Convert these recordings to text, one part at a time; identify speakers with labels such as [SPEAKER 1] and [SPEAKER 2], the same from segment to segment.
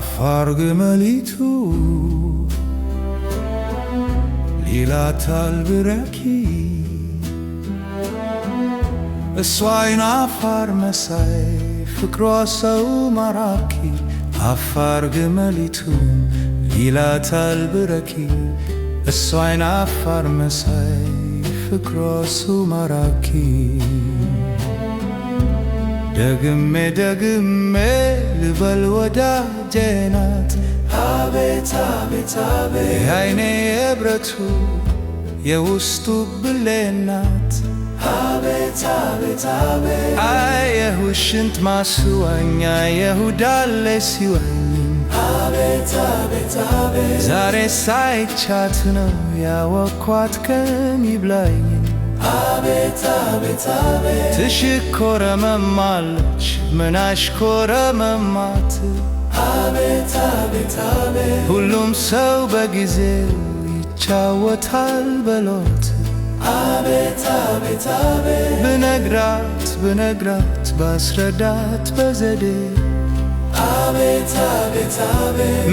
[SPEAKER 1] አፋር ግመሊቱ ሊላታል ብረኪ እሷ አይን አፋር መሳይ ፍቅሯ ሰው ማራኪ አፋር ግመሊቱ ሊላታል ብረኪ እሷ አይን አፋር መሳይ ፍቅሯ ሰው ማራኪ ደግሜ ደግሜ ልበል ወዳጄ ናት
[SPEAKER 2] አቤት አቤት አቤት
[SPEAKER 1] የአይኔ የብረቱ የውስጡ ብሌናት
[SPEAKER 2] አቤት አቤት
[SPEAKER 1] አቤት ማስዋኛ የሁዳ አለ ሲዋኝ
[SPEAKER 2] አቤት አቤት አቤት
[SPEAKER 1] ዛሬ ሳይቻት ነው ያወኳት ከሚብላኝ
[SPEAKER 2] አቤት አቤት አቤት
[SPEAKER 1] ትሽኮረመማለች ምን አሽኮረመማት ሁሉም ሰው በጊዜው ይጫወታል በሎት
[SPEAKER 2] አቤት
[SPEAKER 1] ብነግራት ብነግራት ባስረዳት በዘዴ
[SPEAKER 2] አቤት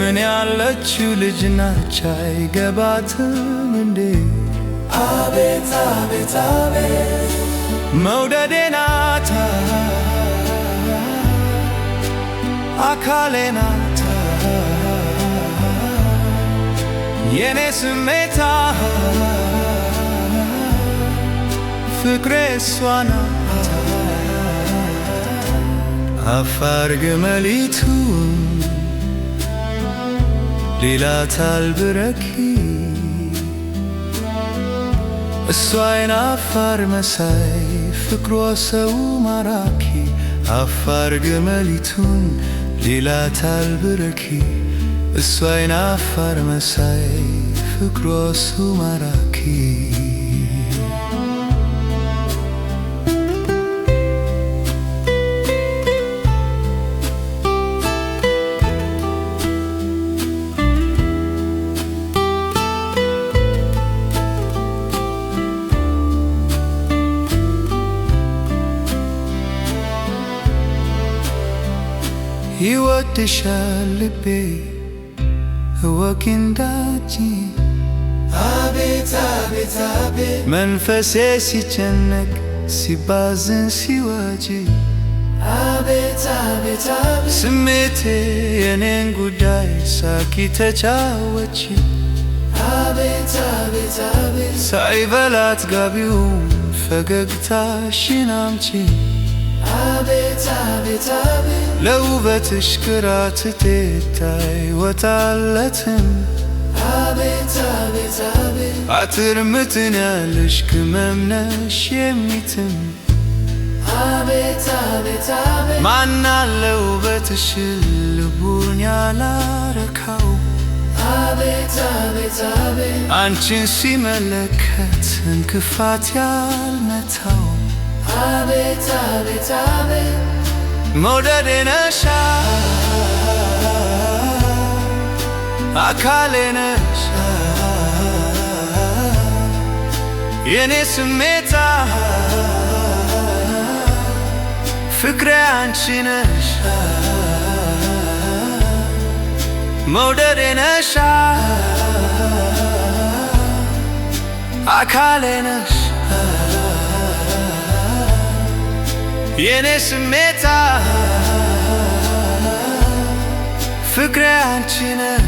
[SPEAKER 1] ምን ያለችው ልጅ ናች አይገባትም እንዴ
[SPEAKER 2] አቤት አቤት አቤት
[SPEAKER 1] መውደዴና አካሌና የኔ ስሜታ ፍቅሬ እሷ ናት። አፋር ግመሊቱ ሌላ ታል ብረኪ እሷ አይን አፋር መሳይ ፍቅሯ ሰው ማራኪ አፋር ግመሊቱን ሌላ ታልብረኪ እሷ አይን አፋር መሳይ ፍቅሯ ሰው ማራኪ ይወድሻል ልቤ እወቂ እንዳንቺ
[SPEAKER 2] አቤት አቤት አቤት
[SPEAKER 1] መንፈሴ ሲጨነቅ ሲባዝን ሲዋጅ
[SPEAKER 2] አቤት አቤት አቤት
[SPEAKER 1] ስሜቴ የኔን ጉዳይ ሳኪ ተጫወች
[SPEAKER 2] አቤት አቤት አቤት
[SPEAKER 1] ሳይበላት ጋቢው ፈገግታሽን አምጪ ለውበትሽ ግራ ትታይ ወጣለትም አትር ምትን ያለሽ ቅመምነሽ የሚትም ማናለ ውበትሽ ልቡን ያላረካው አንቺን ሲመለከት እንክፋት ያልመታው
[SPEAKER 2] አቤት አቤት አቤት
[SPEAKER 1] መውደድ ነሻ አካሌ ነሽ የኔ ስሜታ ፍቅሬ አንቺ ነሽ መውደድ ነሻ አካሌ ነሽ የኔ ስሜታ ፍቅሬ አንቺ ነሽ